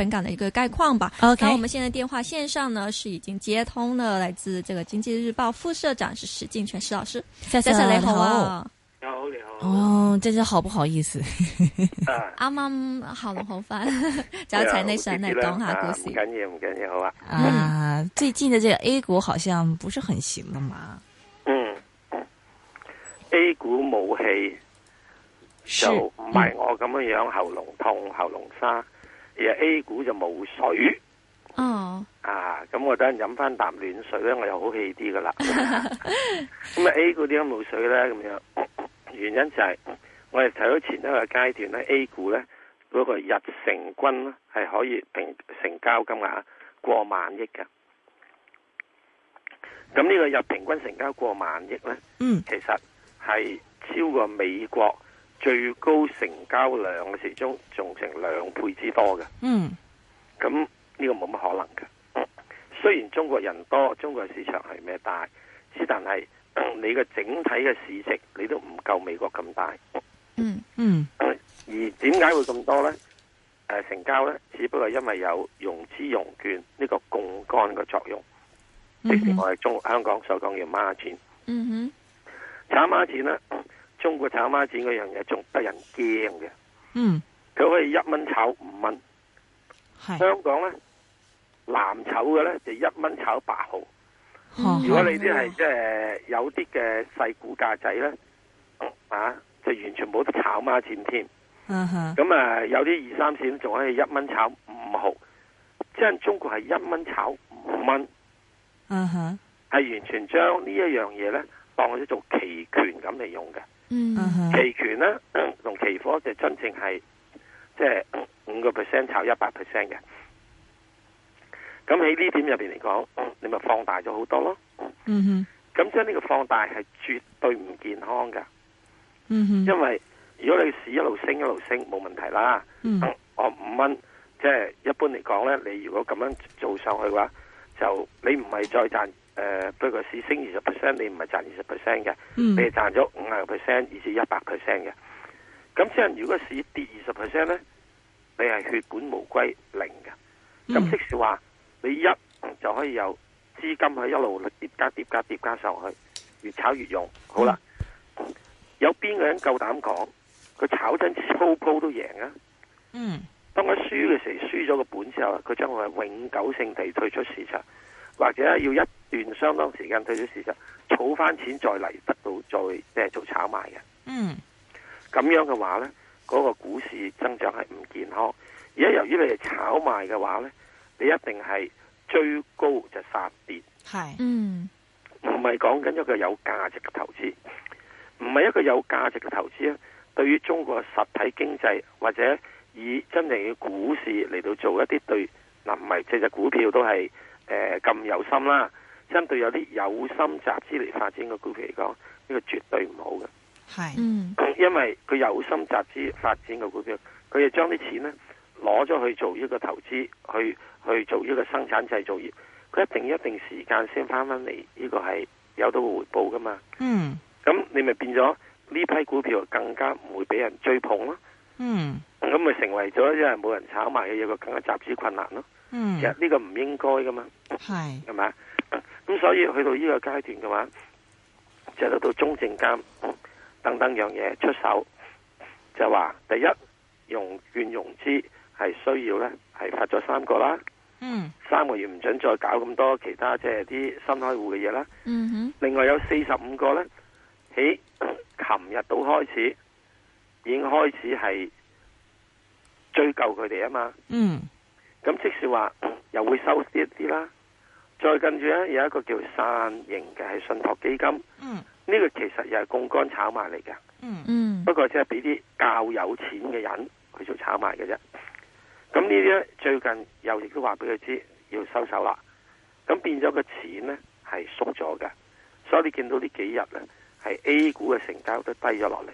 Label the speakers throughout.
Speaker 1: 本港的一個概況吧。好、okay，那我們現在電話綫上呢是已經接通了，來自這個《經濟日報》副社長是石鏡泉石老師。先生你好啊！你好
Speaker 2: 你好。哦，真是好不好意思。
Speaker 1: 啊，阿媽喉嚨好翻，
Speaker 2: 就請你上嚟講下股市。
Speaker 3: 唔緊要唔緊要，好
Speaker 2: 啊。啊，最近的這個 A 股好像不是很行了嘛。
Speaker 3: 嗯，A 股冇氣，就唔係我咁樣樣喉嚨痛、喉嚨沙。而 A 股就冇水哦
Speaker 4: ，oh.
Speaker 3: 啊！咁我等陣飲翻啖暖水咧，我又好氣啲噶啦。咁 啊 A 股點解冇水咧，咁樣原因就係、是、我哋睇到前一個階段咧，A 股咧嗰、那個日成均係可以平成交金額過萬億嘅。咁呢個日平均成交過萬億咧，嗯、mm.，其實係超過美國。最高成交量嘅時鐘仲成兩倍之多嘅，
Speaker 4: 嗯，
Speaker 3: 咁呢、這個冇乜可能嘅，嗯，雖然中國人多，中國市場係咩大，但是但係你嘅整體嘅市值你都唔夠美國咁大，嗯嗯，而點解會咁多呢誒、呃，成交呢只不過因為有融資融券呢、這個槓桿嘅作用，
Speaker 4: 即係我哋
Speaker 3: 中香港所講叫孖展，嗯哼，炒孖、嗯、展呢中國炒孖展嗰樣嘢仲得人驚嘅，嗯，佢可以一蚊炒五蚊，香港咧，藍籌嘅咧就一蚊炒八毫、嗯，如果你啲係即係有啲嘅細股價仔咧，啊，就完全冇得炒孖展添，嗯
Speaker 4: 哼，
Speaker 3: 咁啊有啲二三線仲可以一蚊炒五毫，即係中國係一蚊炒五蚊，嗯哼，係、
Speaker 4: 就
Speaker 3: 是嗯、完全將呢一樣嘢咧當咗做期權咁嚟用嘅。
Speaker 4: 嗯、mm -hmm.，期
Speaker 3: 權咧同期貨就真正係即係五個 percent 炒一百 percent 嘅，咁喺呢點入邊嚟講，你咪放大咗好多咯。嗯，咁將呢個放大係絕對唔健康噶。嗯、mm -hmm. 因為如果你市一路升一路升，冇問題啦。Mm -hmm. 嗯，我五蚊，即係一般嚟講咧，你如果咁樣做上去嘅話，就你唔係再賺。誒、呃，不過市升二十 percent，你唔係賺二十 percent 嘅，你係賺咗五十 percent，以至一百 percent 嘅。咁即係如果市跌二十 percent 咧，你係血本無歸零嘅。咁即使話，你一就可以有資金去一路跌加跌加跌加上去，越炒越勇。好啦，有邊個人夠膽講佢炒真超高都贏啊？嗯，當佢輸嘅時，輸咗個本之後，佢將會永久性地退出市場，或者要一。段相當時間退出市場，儲翻錢再嚟得到再即係做炒賣嘅。嗯、mm.，咁樣嘅話呢，嗰個股市增長係唔健康。
Speaker 4: 而家由於你係
Speaker 3: 炒賣嘅話呢，你一定係追高就殺跌。
Speaker 4: 係，嗯，唔
Speaker 3: 係講緊一個有價值嘅投資，唔係一個有價值嘅投資咧。對於中國嘅實體經濟，或者以真正嘅股市嚟到做一啲對嗱，唔係隻隻股票都係誒咁有心啦。針對有啲有心集資嚟發展嘅股票嚟講，呢個絕對唔好嘅。係，
Speaker 4: 嗯，
Speaker 3: 因為佢有心集資發展嘅股票，佢就將啲錢呢攞咗去做呢個投資，去去做呢個生產製造業，佢一定一定時間先翻翻嚟，呢個係有到回報噶嘛。嗯，咁你咪變咗呢批股票更加唔會俾人追捧咯。嗯，咁咪成為咗因為冇人炒賣嘅嘢，個更加集資困難咯。嗯，其實呢個唔應該噶嘛。
Speaker 4: 係，係
Speaker 3: 咪？咁所以去到呢個階段嘅話，就落到中證監等等樣嘢出手，就話第一用券融資係需要咧，係發咗三個啦，嗯，三個月唔准再搞咁多其他即係啲新開戶嘅嘢啦，嗯哼，另外有四十五個咧喺琴日到開始已經開始係追究佢哋啊嘛，嗯，咁即係話又會收啲一啲啦。再跟住咧，有一個叫傘形嘅係信託基金，呢個其實又係槓桿炒賣嚟嘅。嗯嗯，
Speaker 4: 不過
Speaker 3: 即係俾啲較有錢嘅人佢做炒賣嘅啫。咁呢啲咧最近又亦都話俾佢知要收手啦。咁變咗個錢咧係縮咗嘅，所以你見到呢幾日咧係 A 股嘅成交都低咗落嚟。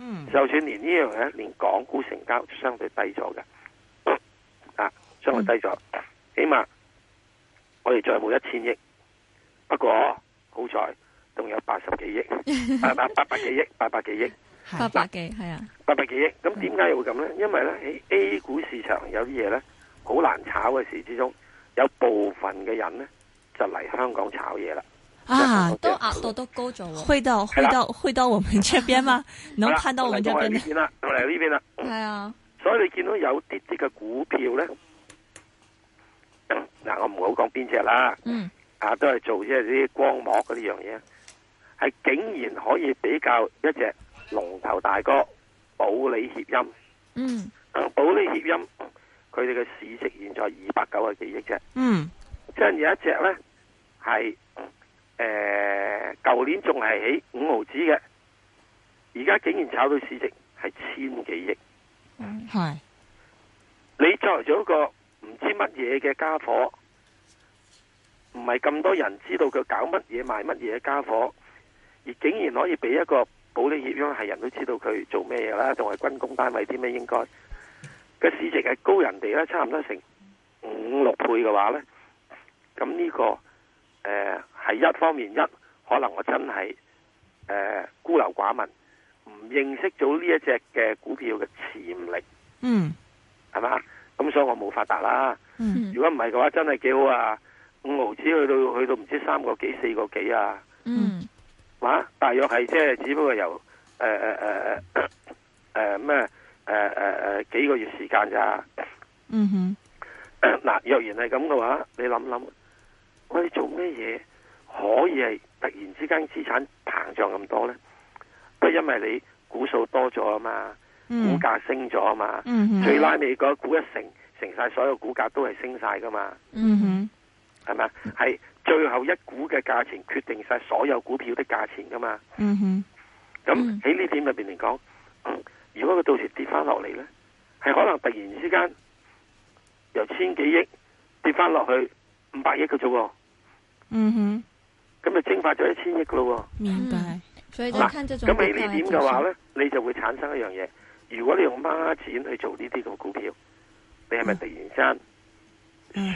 Speaker 3: 嗯，
Speaker 4: 就算
Speaker 3: 連呢樣嘢，連港股成交相對低咗嘅啊，相對低咗，嗯，起碼。我哋再冇一千億，不過好彩仲有八十幾億， 八百幾億？八， 八百幾億？八百幾？係啊，八百幾億？咁點解又會咁咧、嗯？因為咧，A A 股市場有啲嘢咧，好難炒嘅時之中，有部分嘅人咧，就嚟香港炒嘢啦、
Speaker 2: 啊。啊，都
Speaker 3: 壓到都高咗，去到會到會到，
Speaker 2: 會到我們這邊嗎？ 能看到我們這邊？我嚟
Speaker 3: 呢邊啦，我嚟呢邊啦。係 啊，所以你見到有啲啲嘅股票咧。嗱，我唔好講邊隻啦，啊，都係做即係啲光膜嗰啲樣嘢，係竟然可以比較一隻龍頭大哥保利協鑫。嗯，保利協鑫，佢哋嘅市值現在二百九十幾億啫。嗯，即係有一隻咧係，誒，舊年仲係起五毫紙嘅，而家竟然炒到市值係千幾億，嗯，係，你作為咗一個唔知乜嘢嘅家伙，唔係咁多人知道佢搞乜嘢賣乜嘢嘅家伙，而竟然可以俾一個保底業央係人都知道佢做咩嘢啦，仲係軍工單位啲咩應該？嘅市值係高人哋咧，差唔多成五六倍嘅話呢。咁呢、這個誒係、呃、一方面一可能我真係誒、呃、孤陋寡聞，唔認識咗呢一隻嘅股票嘅潛力，嗯，係嘛？咁所以我冇發達啦、
Speaker 4: 嗯。如
Speaker 3: 果唔係嘅話，真係幾好啊！五毫子去到去到唔知三個幾四個幾啊？
Speaker 4: 嗯，
Speaker 3: 話、啊、大約係即係只不過由誒誒誒誒誒咩誒誒誒幾個月時間咋？嗯哼，嗱、啊，若然係咁嘅話，你諗諗，喂，你做咩嘢，可以係突然之間資產膨脹咁多咧？都因為你股數多咗啊嘛，股價升咗啊嘛，最拉尾嗰股一成成晒所有股價都係升晒噶嘛。嗯哼。係咪？係最後一股嘅價錢決定晒所有股票的價錢噶嘛
Speaker 4: 嗯
Speaker 3: 哼。咁喺呢點入邊嚟講，如果佢到時跌翻落嚟咧，係可能突然之間由千幾億跌翻落去五百億嘅啫喎。嗯哼。咁就蒸發咗一千億噶咯明白。
Speaker 4: 嗱、咁喺呢點嘅話咧，
Speaker 3: 你就會產生一樣嘢。如果你用孖錢去做呢啲嘅股票，你係咪突然間？嗯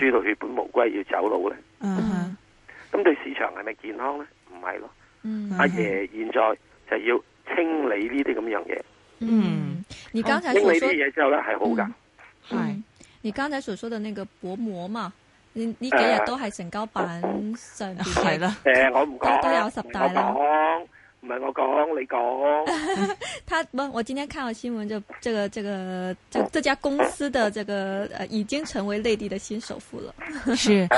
Speaker 3: 輸到血本無歸要走佬咧，
Speaker 4: 咁、
Speaker 3: uh -huh. 對市場係咪健康咧？唔係咯，uh
Speaker 4: -huh.
Speaker 1: 阿爺
Speaker 3: 現在就要清理呢啲咁樣嘢。嗯，你剛才清理啲嘢之後咧係好噶，係、嗯、
Speaker 1: 你剛才所說的那個薄膜嘛？嗯、你呢幾日都係成交板上係
Speaker 3: 啦、uh -huh. 呃，都都有十大啦。我唔係我講，你講、
Speaker 1: 啊。他唔，我今天看到新聞就，就這個、這個，就這家公司的這個，呃，已經成為內地的新首
Speaker 3: 富了。
Speaker 2: 是，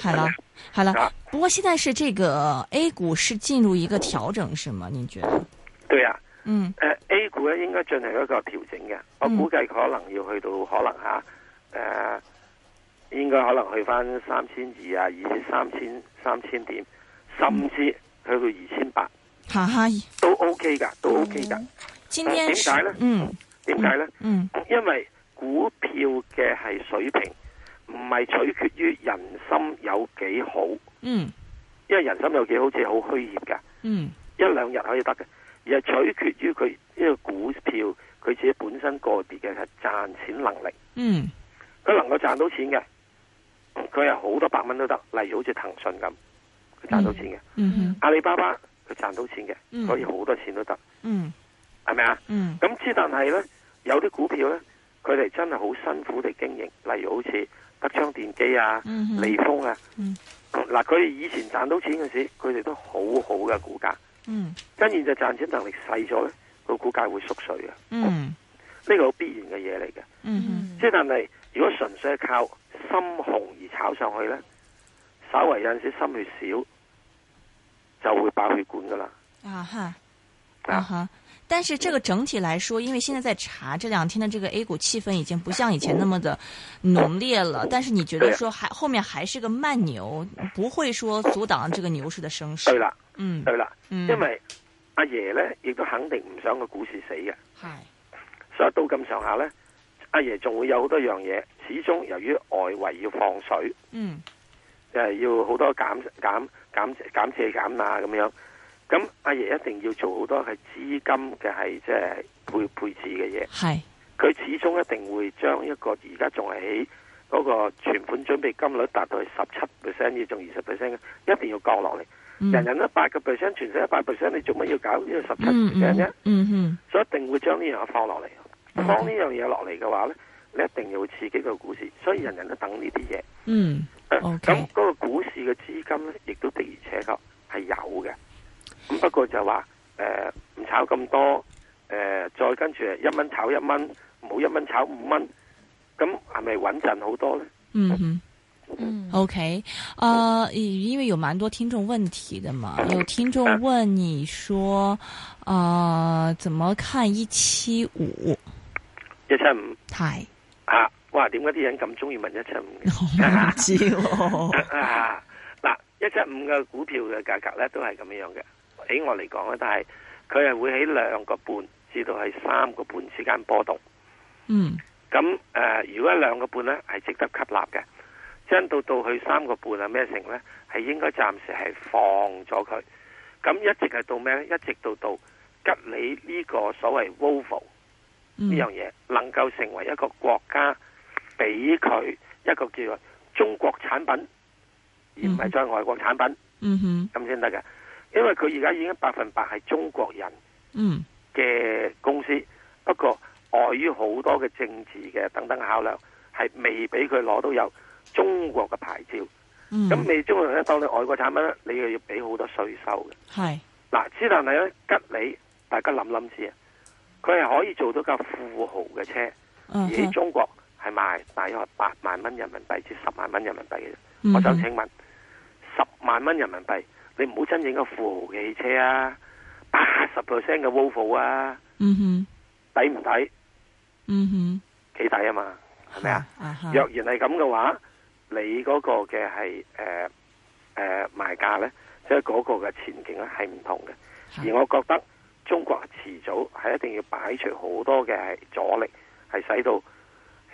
Speaker 2: 好 了，好了。不過現在是這個 A 股是進入一個調整，是嗎？您覺得？
Speaker 3: 對啊，嗯、呃、A 股咧應該進行一個調整嘅，我估計可能要去到可能吓、啊，誒、嗯呃，應該可能去返三千二啊，二千三千三千點，甚至去到二千八。都 OK 噶，都 OK 噶。點解、啊、呢？嗯，點解呢嗯？嗯，因為股票嘅係水平，唔係取決於人心有幾好。
Speaker 4: 嗯，
Speaker 3: 因為人心有幾好，好似好虛熱嘅。嗯，一兩日可以得嘅，而係取決於佢呢個股票佢自己本身個別嘅賺錢能力。嗯，佢能夠賺到錢嘅，佢有好多百蚊都得。例如好似騰訊咁，
Speaker 4: 佢賺到錢嘅、嗯嗯。
Speaker 3: 阿里巴巴。佢賺到錢嘅，所、嗯、以好多錢都得，係、嗯、咪啊？咁、嗯、之但係咧，有啲股票咧，佢哋真係好辛苦地經營，例如好似德昌電機啊、嗯、利豐啊，嗱、嗯，佢以前賺到錢嘅時，佢哋都好好嘅股價、嗯，跟住就賺錢能力細咗咧，股價嗯哦呢個股價會縮水嘅，呢個好必然嘅嘢嚟嘅。即、嗯、係但係，如果純粹係靠心紅而炒上去咧，稍為有陣時心血少。就會爆血管噶啦！
Speaker 2: 啊哈啊，啊哈！但是這個整體來說，因為現在在查這兩天的這個 A 股氣氛已經不像以前那麼的濃烈了。嗯、但是你覺得說，還後面還是個慢牛、嗯，不會說阻擋這個牛市的升勢？對
Speaker 3: 啦，嗯，對啦，因為阿爺呢亦都肯定唔想個股市死嘅，係、嗯，所以到咁上下呢，阿爺仲會有好多樣嘢，始終由於外圍要放水，嗯。就係要好多減減減減借減啊咁樣，咁阿爺一定要做好多係資金嘅係即係配配置嘅嘢。
Speaker 4: 係，佢
Speaker 3: 始終一定會將一個而家仲係喺嗰個存款準備金率達到十七 percent 嘅，仲二十 percent 一定要降落嚟，嗯。人人都八個 percent，全世界一百 percent，你做乜要搞呢個十七 percent
Speaker 4: 啫？
Speaker 3: 所以一定會將呢樣嘢放落嚟。放呢樣嘢落嚟嘅話咧，你一定要刺激個股市，所以人人都等呢啲嘢。嗯。咁、okay. 嗰、嗯、個股市嘅資金咧，亦都的而且確係有嘅。咁不過就話誒，唔、呃、炒咁多，誒、呃，再跟住一蚊炒一蚊，唔好一蚊炒五蚊，咁係咪穩陣好多咧？
Speaker 2: 嗯哼，嗯，OK，啊、uh，因為有蠻多聽眾問題嘅嘛，有聽眾問你說啊、嗯呃，怎麼看一七五？
Speaker 3: 一七五，係。我話，點解啲人咁中意問一七五嘅？知 啊！嗱，一七五嘅股票嘅價格咧，都係咁樣樣嘅。喺我嚟講咧，但係佢係會喺兩個半至到係三個半之間波動。
Speaker 4: 嗯。
Speaker 3: 咁誒、呃，如果兩個半咧係值得吸納嘅，真、就是、到到去三個半啊咩成咧，係應該暫時係放咗佢。咁一直係到咩咧？一直到到吉利呢個所謂 Volvo 呢樣嘢能夠成為一個國家。俾佢一個叫做中國產品，而唔係再外國產品，咁先得嘅。因為佢而家已經百分百係中國人嘅公司，mm -hmm. 不過礙於好多嘅政治嘅等等考量，係未俾佢攞到有中國嘅牌照。
Speaker 4: 咁、mm、你 -hmm.
Speaker 3: 中國人咧，當你外國產品咧，你又要俾好多稅收嘅。係、mm、嗱 -hmm.，之但係咧，吉利，大家諗諗先，佢係可以做到架富豪嘅車，mm
Speaker 4: -hmm. 而中
Speaker 3: 國。賣大約八萬蚊人民幣至十萬蚊人民幣嘅、嗯，我就請問十萬蚊人民幣，你唔好真正嘅富豪嘅汽車啊，八十 percent 嘅 Volvo 啊，嗯哼，
Speaker 4: 抵唔抵？嗯哼，
Speaker 3: 幾抵啊嘛，係咪啊？若然係咁嘅話，你嗰個嘅係誒誒賣價咧，即係嗰個嘅前景咧係唔同嘅。而我覺得中國遲早係一定要擺除好多嘅阻力，係使到。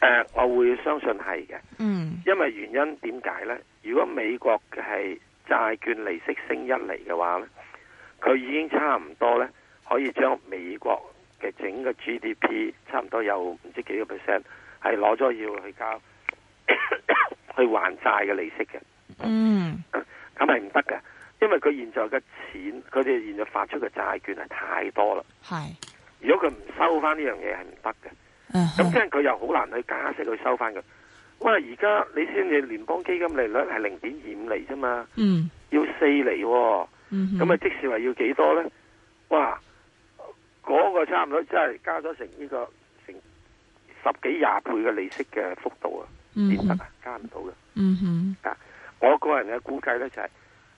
Speaker 3: 誒、uh,，我會相信係嘅，嗯，因為原因點解咧？如果美國嘅係債券利息升一厘嘅話咧，佢已經差唔多咧，可以將美國嘅整個 GDP 差唔多有唔知幾個 percent 係攞咗要去交 去還債嘅利息嘅，嗯，咁係唔得嘅，因為佢現在嘅錢，佢哋現在發出嘅債券係太多啦，係，如果佢唔收翻呢樣嘢係唔得嘅。咁即係佢又好難去加息去收翻佢。喂，而家你先至聯邦基金利率係零點二五厘啫嘛，嗯，要四厘，哦，咁、嗯、啊，即係話要幾多咧？哇！嗰、那個差唔多真係加咗成呢個成十幾廿倍嘅利息嘅幅度啊，
Speaker 4: 點得啊？加唔到嘅。
Speaker 3: 啊、嗯，我個人嘅估計咧就係、是、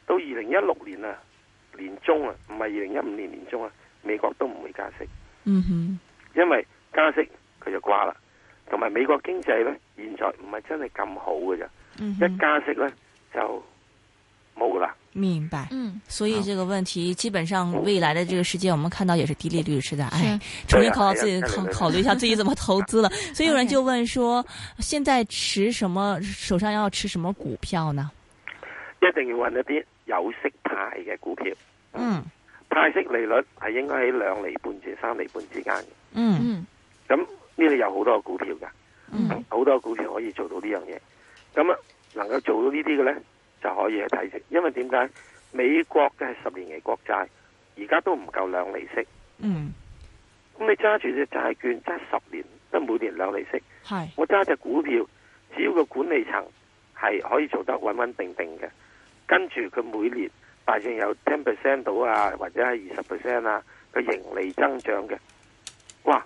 Speaker 3: 到二零一六年啊，年中啊，唔係二零一五年年中啊，美國都唔會加息、嗯
Speaker 4: 哼。
Speaker 3: 因為加息。佢就瓜啦，同埋美國經濟咧，現在唔係真係咁好嘅啫、嗯，一加息咧就冇啦。
Speaker 2: 明白，嗯，所以這個問題、嗯、基本上未來的這個世界，我們看到也是低利率、嗯、時代唉、哎，重新考到自己考考慮一下自己怎麼投資了、啊、所以有人就問說，okay、現在持什麼手上要持什麼股票呢？
Speaker 3: 一定要揾一啲有息派嘅股票，嗯，派息利率係應該喺兩厘半至三厘半之間嘅，嗯，咁、嗯。那呢度有好多個股票嘅，
Speaker 4: 好、
Speaker 3: mm -hmm. 多個股票可以做到呢樣嘢。咁啊，能夠做到呢啲嘅呢，就可以去睇成。因為點解美國嘅十年期國債而家都唔夠兩厘息。嗯、mm -hmm.。咁你揸住隻債券揸十年，得每年兩厘息。
Speaker 4: 係。我
Speaker 3: 揸隻股票，只要個管理層係可以做得穩穩定定嘅，跟住佢每年大概有 ten percent 到啊，或者係二十 percent 啊佢盈利增長嘅，哇！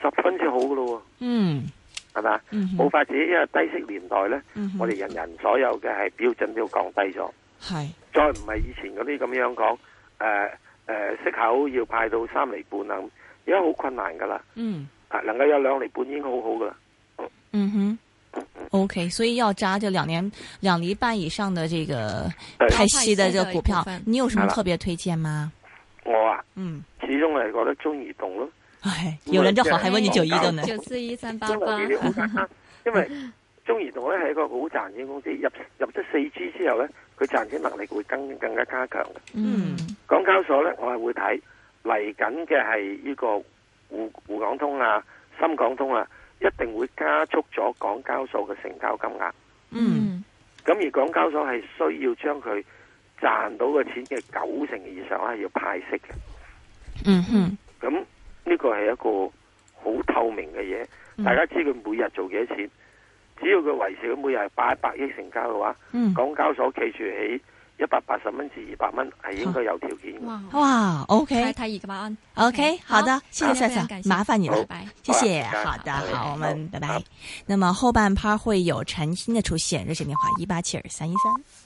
Speaker 3: 十分之好噶咯，哦，
Speaker 4: 嗯，
Speaker 3: 係咪，冇、嗯、法子，因為低息年代咧，嗯，我哋人人所有嘅係標準都降低咗，係、嗯，再唔係以前嗰啲咁樣講，誒、呃、誒、呃、息口要派到三厘半啊，而家好困難噶啦，
Speaker 2: 嗯，
Speaker 3: 啊能夠有兩厘半已經好好噶啦，
Speaker 2: 嗯哼，OK，所以要揸就兩年兩厘半以上的這個派息嘅股票，你有什麼特別推薦嗎？
Speaker 3: 我啊，嗯，始終係覺得中移動咯。有兩隻就好還問你九一到呢，九四一三八八。因為中移動咧係一個好賺錢公司，入入咗四 G 之後咧，佢賺錢能力會更更加加強嘅。嗯，港交所咧，我係會睇嚟，緊嘅係呢個滬滬港通啊、深港通啊，一定會加速咗港交所嘅成交金額。嗯，咁而港交所係需要將佢賺到嘅錢嘅九成以上係要派息嘅。嗯嗯，
Speaker 4: 咁。
Speaker 3: 嗯嗯呢、這個係一個好透明嘅嘢，大家知佢每日做幾多錢，只要佢維持佢每日係八百億成交嘅話，港交所企住喺一百八十蚊至二百蚊係應該有條件、嗯
Speaker 2: 嗯、哇，OK，睇二百蚊，OK，好的，謝謝晒陳，麻煩你了拜，謝謝好拜拜好拜拜，好的，好，我們拜拜，拜，拜，拜，拜，拜，拜，拜，拜。那麼後半 part 會有陳欣的出現，熱 線電話一八七二三一三。1872,